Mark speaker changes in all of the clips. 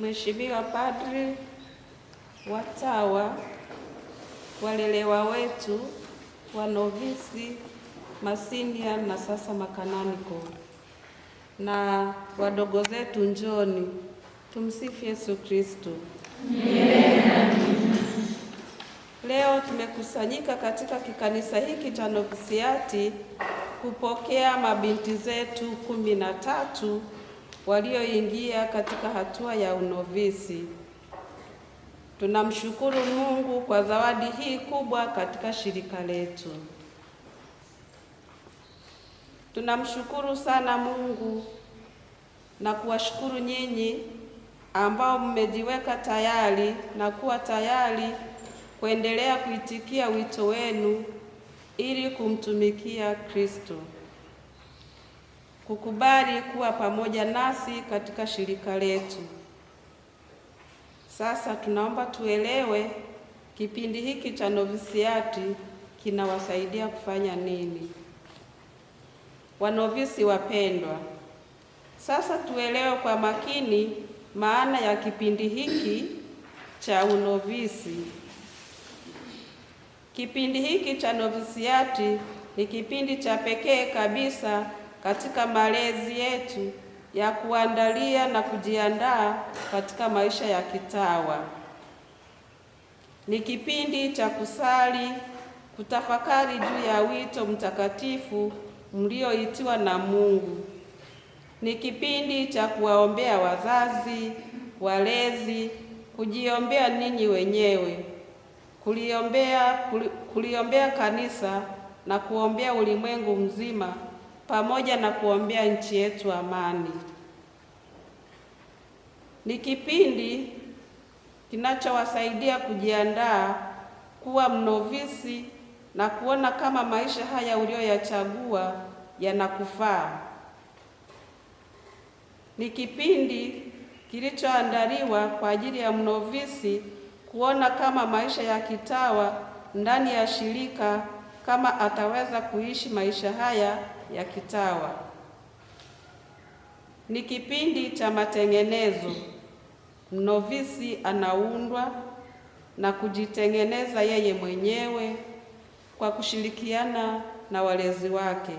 Speaker 1: Mheshimiwa Padri, watawa, walelewa wetu, wanovisi, masinia na sasa makananiko na wadogo zetu, njoni tumsifu Yesu Kristo. Leo tumekusanyika katika kikanisa hiki cha novisiati kupokea mabinti zetu kumi na tatu walioingia katika hatua ya unovisi. Tunamshukuru Mungu kwa zawadi hii kubwa katika shirika letu. Tunamshukuru sana Mungu na kuwashukuru nyinyi ambao mmejiweka tayari na kuwa tayari kuendelea kuitikia wito wenu ili kumtumikia Kristo kukubali kuwa pamoja nasi katika shirika letu. Sasa tunaomba tuelewe kipindi hiki cha novisiati kinawasaidia kufanya nini? Wanovisi wapendwa, sasa tuelewe kwa makini maana ya kipindi hiki cha unovisi. Kipindi hiki cha novisiati ni kipindi cha pekee kabisa katika malezi yetu ya kuandalia na kujiandaa katika maisha ya kitawa. Ni kipindi cha kusali, kutafakari juu ya wito mtakatifu mlioitiwa na Mungu. Ni kipindi cha kuwaombea wazazi, walezi, kujiombea ninyi wenyewe, kuliombea, kuliombea kanisa na kuombea ulimwengu mzima pamoja na kuombea nchi yetu amani. Ni kipindi kinachowasaidia kujiandaa kuwa mnovisi na kuona kama maisha haya uliyoyachagua yanakufaa. Ni kipindi kilichoandaliwa kwa ajili ya mnovisi kuona kama maisha ya kitawa ndani ya shirika kama ataweza kuishi maisha haya ya kitawa. Ni kipindi cha matengenezo. Mnovisi anaundwa na kujitengeneza yeye mwenyewe kwa kushirikiana na walezi wake.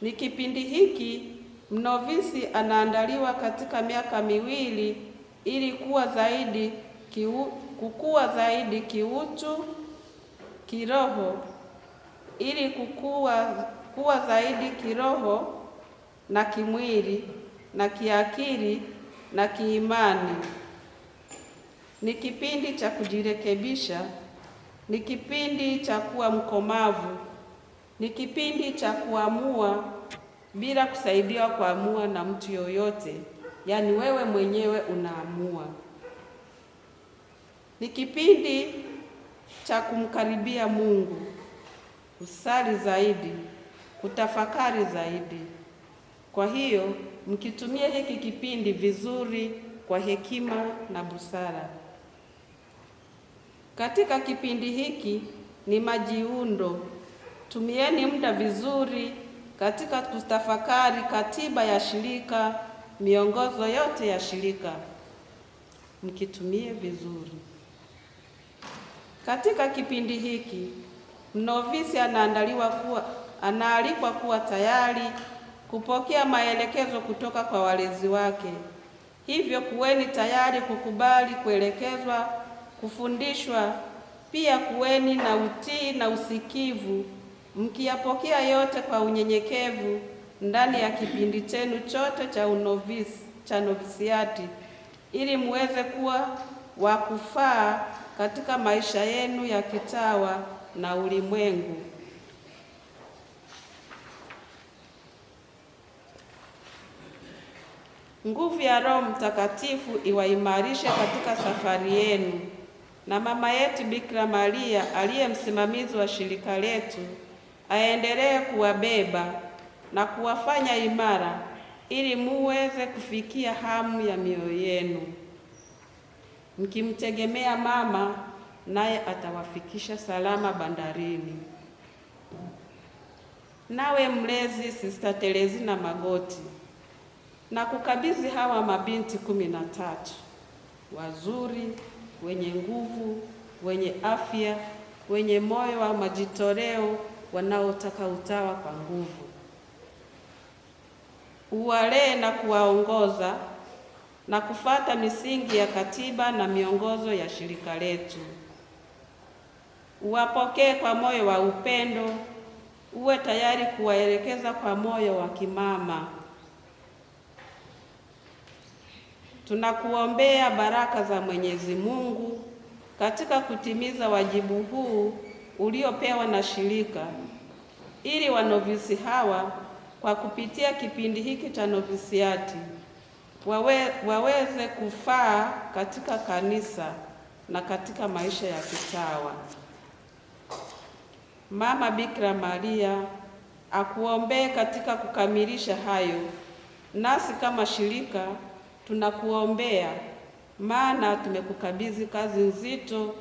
Speaker 1: Ni kipindi hiki mnovisi anaandaliwa katika miaka miwili ili kuwa zaidi kiu, kukua zaidi kiutu kiroho ili kukua kuwa zaidi kiroho na kimwili na kiakili na kiimani. Ni kipindi cha kujirekebisha, ni kipindi cha kuwa mkomavu, ni kipindi cha kuamua bila kusaidiwa kuamua na mtu yoyote, yaani wewe mwenyewe unaamua. Ni kipindi cha kumkaribia Mungu, kusali zaidi, kutafakari zaidi. Kwa hiyo mkitumia hiki kipindi vizuri kwa hekima na busara. Katika kipindi hiki ni majiundo. Tumieni muda vizuri katika kutafakari katiba ya shirika, miongozo yote ya shirika mkitumie vizuri. Katika kipindi hiki mnovisi anaandaliwa kuwa, anaalikwa kuwa tayari kupokea maelekezo kutoka kwa walezi wake. Hivyo kuweni tayari kukubali kuelekezwa, kufundishwa. Pia kuweni na utii na usikivu, mkiyapokea yote kwa unyenyekevu ndani ya kipindi chenu chote cha unovisi cha novisiati, ili muweze kuwa wa kufaa katika maisha yenu ya kitawa na ulimwengu. Nguvu ya Roho Mtakatifu iwaimarishe katika safari yenu, na mama yetu Bikira Maria aliye msimamizi wa shirika letu aendelee kuwabeba na kuwafanya imara ili muweze kufikia hamu ya mioyo yenu mkimtegemea mama, naye atawafikisha salama bandarini. Nawe mlezi Sista terezina Magoti, na kukabidhi hawa mabinti kumi na tatu wazuri, wenye nguvu, wenye afya, wenye moyo wa majitoleo, wanaotaka utawa kwa nguvu. Uwalee na kuwaongoza na kufata misingi ya katiba na miongozo ya shirika letu. Uwapokee kwa moyo wa upendo, uwe tayari kuwaelekeza kwa moyo wa kimama. Tunakuombea baraka za Mwenyezi Mungu katika kutimiza wajibu huu uliopewa na shirika, ili wanovisi hawa kwa kupitia kipindi hiki cha novisiati wawe, waweze kufaa katika kanisa na katika maisha ya kitawa. Mama Bikira Maria akuombee katika kukamilisha hayo, nasi kama shirika tunakuombea, maana tumekukabidhi kazi nzito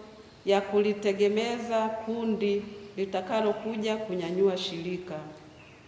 Speaker 1: ya kulitegemeza kundi litakalokuja kunyanyua shirika.